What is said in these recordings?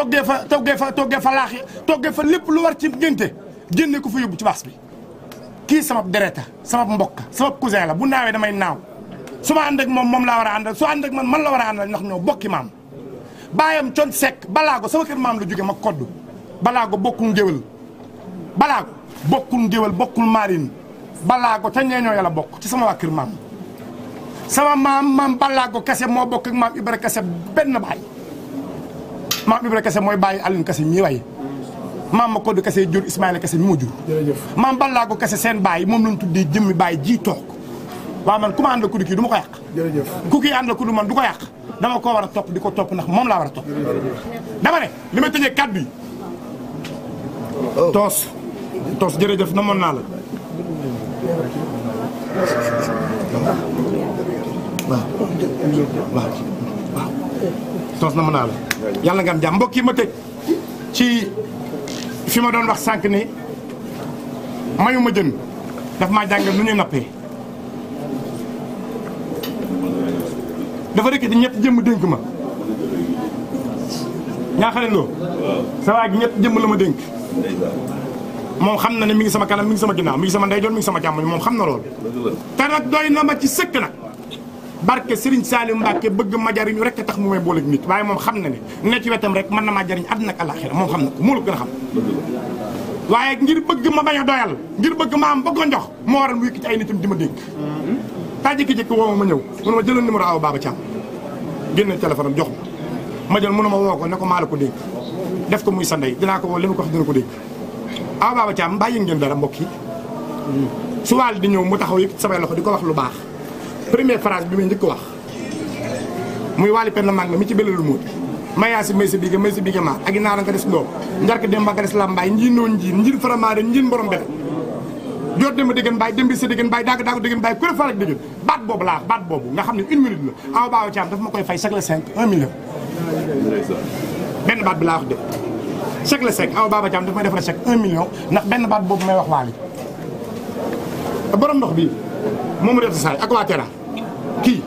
toggee fa toggee fa toggee fa laax toggee fa lépp lu war ci génte génne ko fa yóbbu ci baas bi kii sama dereta sama mbokk sama cousin la bu naawee damay naaw su ma ànd moom moom la war a àndal su ànd ak man man la war a àndal ndax ñoo bokki maam baayam con sekk balaago sama kër maam la jóge ma koddu balaago bokkul ngéwél balaago bokkul ngéwél bokkul marine balaago ca ñeeñoo yàlla bokk ci sama waa kër maam sama maam maam balaago kese moo bokk ak maam ibra kese benn baay maam Ibra Kase mooy bàyyi Alioune Kase mii way maam ma Kodou Kase jur Ismaïla Kase mi ma jur maam Ballaago Kase seen baay moom lañ tuddee jëmmi baay ji toog waaw man ku ma la kudu kii du ma ko yàq ku kii ànd la kudu man du ko yàq dama koo war a topp di ko topp nax moom laa war a topp dama ne li may tëjee kàddu yi oh. toos la toos na mën naa la yàlla nga am jàmm mbokk ma tëj ci fi ma doon wax sànq ne mayu ma jën daf maa jàngal lu ñuy nappee dafa rekk di ñett jëmm dénk ma ñaa xale loo sa waa gi ñett jëmm la ma dénk moom xam na ne mi ngi sama kanam mi ngi sama ginnaaw mi ngi sama ndeyjoor mi ngi sama càmmoñ moom xam na loolu te nag doy na ma ci sëkk na barke Serigne Saliou Mbacke bëgg ma jariñu rek tax mu may booleeg nit waaye moom xam na ne ne ci wetam rek mën na maa jariñ àddina ak àllaaxira moom xam na ko moo la gën a xam. ngir bëgg ma bañ a doyal ngir bëgg ma am bëgg a njox moo waral mu yëkk ay nitam di ma dénk taa jékki-jékki woo ma ma ñëw mun ma jëloon numéro aw Baba Thiam génne téléphone jox ma ma jël mun ma ko ne ko maa ko dégg def ko muy sa ndey dinaa ko woo li ma ko wax ko dégg aw Baba Thiam bàyyi ngeen dara mbokk yi su waal di ñëw mu taxaw yëkk samay loxo di ko wax lu baax première phrase bi may njëkk wax muy wàllu penn mag mu ci belalul muut mayaa si may si bigé may si bigé ma ak i naaran ka des loob njark dem ka des lambaay njii noon njii njin faramaare njin borom bete jot dem déggan baay dem bi sa déggan baay daaga daaga déggan baay ku ne farak déggan baat boobu laa baat boobu nga xam ne une le cinq un million benn bi laa wax de chaque le cinq aw baaw caam dafa may ndax benn baat boobu may wax waali borom ndox bi moom mu def saay ak kii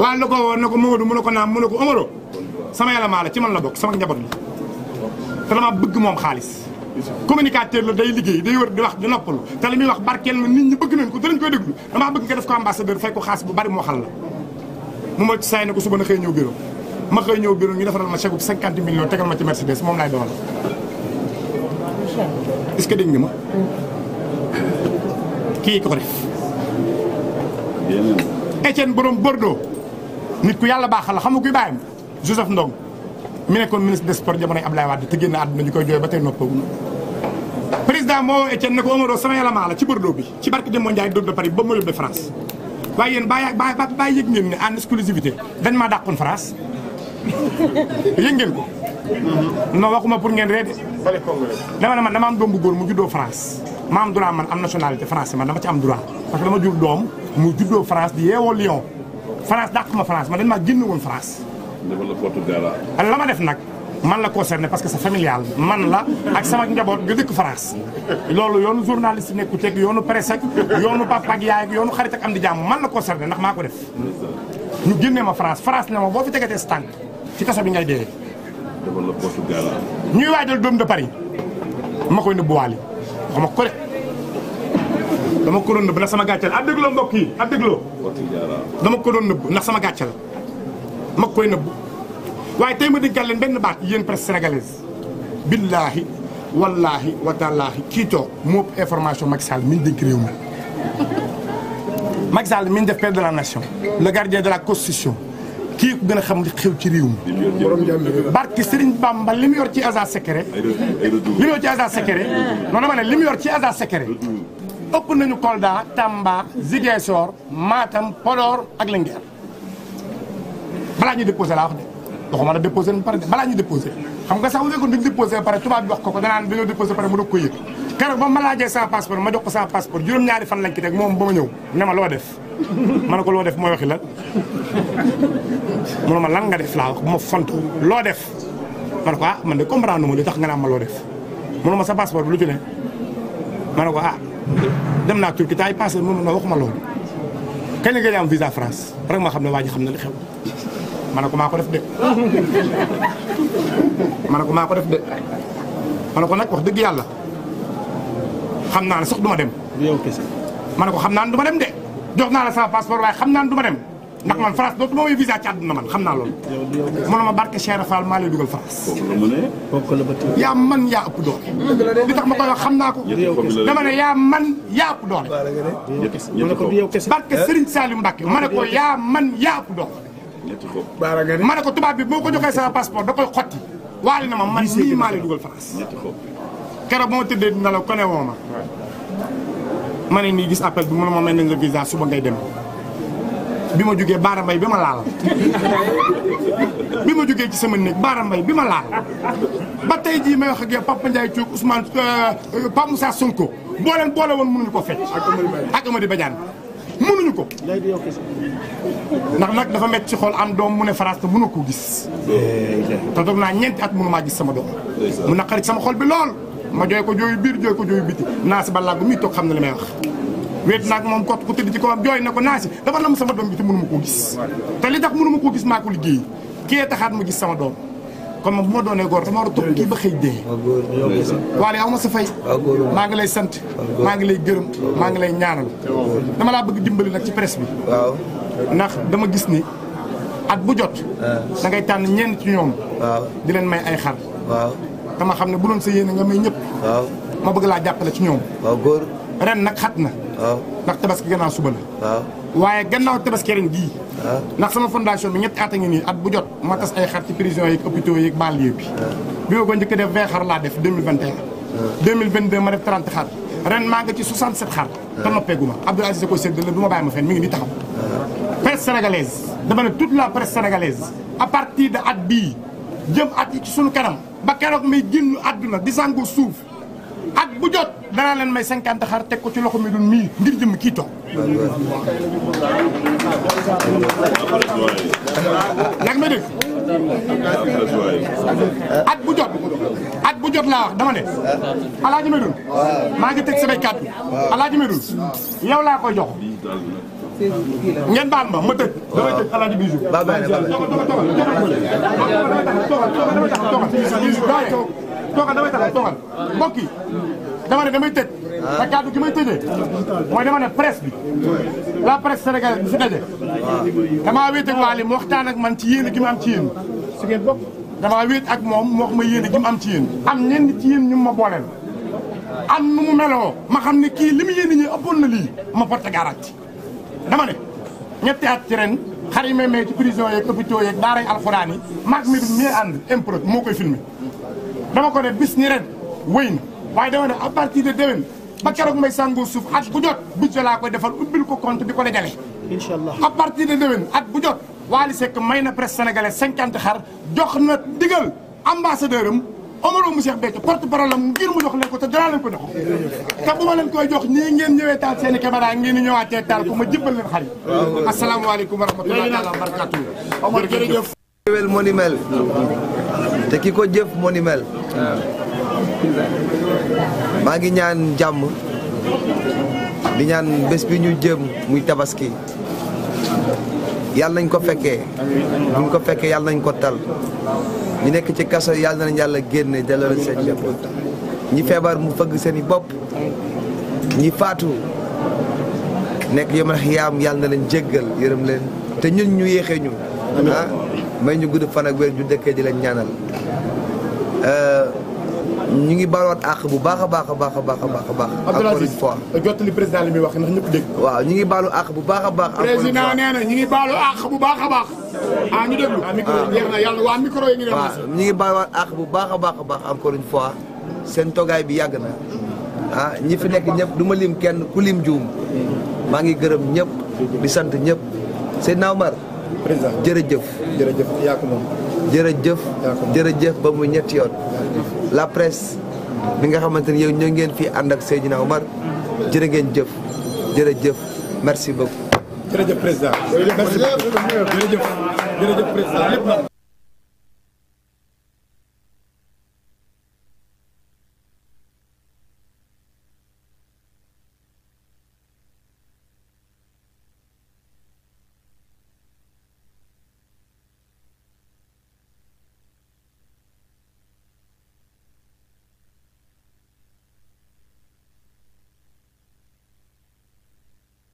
waaw na ko woo na ko Mamadou mu ne ko naam mu ne ko Omaro sama yàlla maa la ci man la bokk sama njaboot la te dama bëgg moom xaalis communicateur la day liggéey day wër di wax di noppalu te li muy wax barkeel na nit ñi bëgg nañ ko danañ koy déglu damaa bëgg nga def ko ambassadeur fay ko xaalis bu bari moo xal la mu ma saay na ko suba na xëy ñëw bureau ma xëy ñëw bureau ñu defaral ma chèque bu 50 millions tegal ma ci Mercedes moom laay doon est-ce que dégg nga ma mm. kii ko def e Étienne borom Bordeaux nit ku yàlla baax la xam nga kuy bàyyam Joseph Ndong mi nekkoon ministre des sports jamonoy Abdoulaye Wade te génn àdduna ñu koy jooy ba tey noppagum président moo Étienne ne ko Omaro sama élément la ci Bordeaux bi ci barke Demba Ndiaye dóor de Paris ba Mollet de France waaye yéen bàyyi bàyyi bàyyi yëg ngeen ne en exclusivité dañ maa dàqoon France yëg ngeen ko. non waxuma pour ngeen reede dama ne man dama am doom bu góor mu juddoo France ma am man am nationalité français man dama ci am droit parce que dama jur doom mu juddoo France di yeewoo Lyon France dàq ma France man dañ maa génn woon France la ma def nag man la concerné parce que c'est man la ak sama njaboot ga dëkk France loolu yoonu journaliste nekku ceeg yoonu presse ak yoonu papa ak yaay ak yoonu xarit jàmm man la concerné ndax maa ko def ñu génnee ma France France ne ma boo fi tegatee sa tànk ci kaso bi ngay dee devant le Portugal. ñuy doom de Paris ma koy nëbbu waale ma ko nëbb ndax sama gàcceel ab dégloo mbokk yi ab dégloo. dama ko doon nëbb ndax sama gàcceel ma koy nëbbu waaye tey ma diggal leen benn baat yéen presse billaahi wallaahi wataalaahi kii toog moo information Macky Sall mi ngi dénk réew mi Macky Sall de la nation. le gardien de la constitution. kii ku gën a xam li xew ci réew mi barki Serigne Bamba li mu yor ci agent secret li mu yor ci agent secret noonu ma ne li mu yor ci agent secret nañu Kolda Tamba Ziguinchor Matam Podor ak Linguère balaa ñuy déposé laa wax de waxuma la déposé ba pare de balaa ñuy déposé xam nga sax bu fekkoon duñ déposé ba pare tubaab bi wax ko ko danaan dañoo déposé ba pare mu doog ko keroog ba ma laajee passeport ma jox ko passeport juróom-ñaari fan lañ ki teg moom ba ma ñëw ne ma loo def ma ne ko loo def mooy waxi la mu ma lan nga def laa wax bu ma fontu loo def ma ne ko ah man de comprendre ma li tax nga naan ma loo def mu ma sa passeport bi lu ci ne ma ne ko ah dem naa Turquie taay passé mu wax ma waxuma loolu kañ la nga visa France rek ma xam ne waa ji xam na li xew ma ne ko maa ko def de ma ne ko maa ko def ko nag wax dëgg yàlla xam naa ne sax ma dem. yow ko xam naa ne dem de. jox naa la sama passeport waaye xam naa du ma dem ndax man France dootu ma woy visa ci àdduna man xam naa loolu. barke Cheikh Fall dugal France. yaa man yaa ëpp doole. li tax ma koy wax ko. dama ne yaa man yaa ëpp doole. barke Serigne Saliou Mbacke ma ko yaa man yaa ëpp doole. ma ne ko tubaab bi boo ko joxee sama passeport da koy xotti. waale na ma man nii maa lay dugal France. keroog moo tëddee dina la ko ne woo ma. ma ne nii gis appel bi mu ne ma mel nañ la visa suba ngay dem bi ma jugee baara mbay bi ma laal bi ma jógee ci sama néeg baara mbay bi ma laal ba tey jii may wax ak yow Papa Ndiaye Thioub Ousmane euh, Pape Moussa Sonko boo leen boole woon mënuñu ko fecc ak Amady Badiane mënuñu ko ndax nag dafa métti ci xool am doom mu ne France te mënu ko gis eh, te toog naa ñeenti at mënu maa gis sama doom mu naqari sama xol bi lool ma jooy ko jooyu biir jooy ko jooyu biti naa si ba làgg mii xam na la may wax wéet naag moom kott ku tëdd ci kawam jooy na ko naa si dafa sama doom bi te mënuma koo gis te li tax mënuma koo gis maa ko liggéey kee taxaat ma gis sama doom kon moom bu doonee góor dama war a topp kii ba xëy dee waale aw ma sa fay maa ngi lay sant maa ngi lay gërëm maa ngi lay ñaanal dama laa bëgg dimbali nag ci presse bi ndax dama gis ni at bu jot ah. da ngay tànn ñenn ci ñoom di leen may ay xar dama xam ne bu doon sa yéene nga may ñëpp. waaw ma bëgg laa jàppale ci ñoom. waaw góor. ren nag xat na. waaw ndax tabaski gannaaw suba la. waaw waaye gannaaw tabaski ren gii. ndax sama fondation bi ñetti at a ngi nii at bu jot ma tas ay xar ci prison yeeg hôpitaux yeeg banlieue bi. bi ma ko njëkk def 20 xar laa def 2021. 2022 ma def 30 xar. ren maa nga ci 67 xar. te noppeegu ma Abdou Aziz ko séddale du ma bàyyi ma fenn mi ngi nii taxaw. presse sénégalaise dama ne toute la presse sénégalaise à partir de at bii jëm at yi ci sunu kanam. ba keroog may génn àdduna di sàngu suuf ak bu jot danaa ma may cinquante xar teg ko ci loxo mi dun mii ngir jëm kii toog nag ma dégg at bu jot at bu jot laa wax dama ne alaaji Medoune maa ngi teg samay kàddu alaaji Medoune yow laa koy jox ngeen baal ma ma tëj. waaw damay tëj alaaji Bijou. baax na baax na toogal toogal toogal toogal mbokk yi dama ne damay tëj. te kàddu gi may tëjee mooy dama ne presse bi la presse sénégalaise bi fi daje. damaa wéet ak Waly mu waxtaan ak man ci yéen gi mu am ci yéen. su ngeen bokk damaa wéet ak moom mu wax ma yéen gi mu am ci yéen. am ñenn ci yéen ñu ma booleel am nu mu meloo ma xam ne kii li mu yéen ñi ëppoon na lii ma porte garage dama ne ñetti at ci ren xar yi may may ci prison yeeg hôpitaux yeeg daaray alxuraan yi mi du mieux ànd improt moo koy filmé dama ko ne bis ni ren wéy na waaye dama ne à partir de déwén ba keroog may sàngoo suuf at bu jot bu laa koy defal ubbil ko compte di ko dajale incha allah à partir de déwén ak bu jot Wally Seck may na presse sénégalais cinquante xar jox na digal ambassadeur am Omaro mu Cheikh Béthio porte-parole am ngir mu jox leen ko te danaa leen ko jox te bu ma leen jox nii ngeen ma jëbbal leen xarit asalaamaaleykum wa rahmatullahi taala wa barakatu Omar jërëjëf wel te ki ko jëf moo maa ngi ñaan jàmm di ñaan bés bi ñu jëm muy tabaski yàlla nañ ko fekkee buñ ko fekkee yàlla nañ ko tal ñu nekk ci kaso yàlla nañ yàlla génne delloo seen njaboot ñi feebar mu fëgg seeni i bopp ñi faatu nekk yomal xiyaam yàlla na leen jéggal yërëm leen te ñun ñu yéexee ñu ah may ñu gudd fan a wér ñu dëkkee di leen ñaanal euh, ñu ngi baluwaat àq bu baax a baax a baax a baax a baax a baax. encore une fois jottali président li muy wax ndax ñëpp dégg. waaw ñu ngi baalu àq bu baax a baax. président nee na ñu ngi baalu àq bu baax a baax. ah ñu déglu ah micro yi jeex na ñu ngi baluwaat àq bu baaxa baax a baax encore une fois seen togaay bi yàgg na ah ñi fi nekk ñëpp du ma lim kenn ku lim juum maa ngi gërëm ñëpp di sant ñëpp Seydina Omar. président jërëjëf. jërëjëf yaa ko moom. jërëjëf. jërëjëf ba mu ñetti yoon. la presse bi nga xamante ni yow ñoo ngeen fii ànd ak Seydina Omar jërë ngeen jëf jërëjëf merci beaucoup. jërëjëf président merci beaucoup jërëjëf président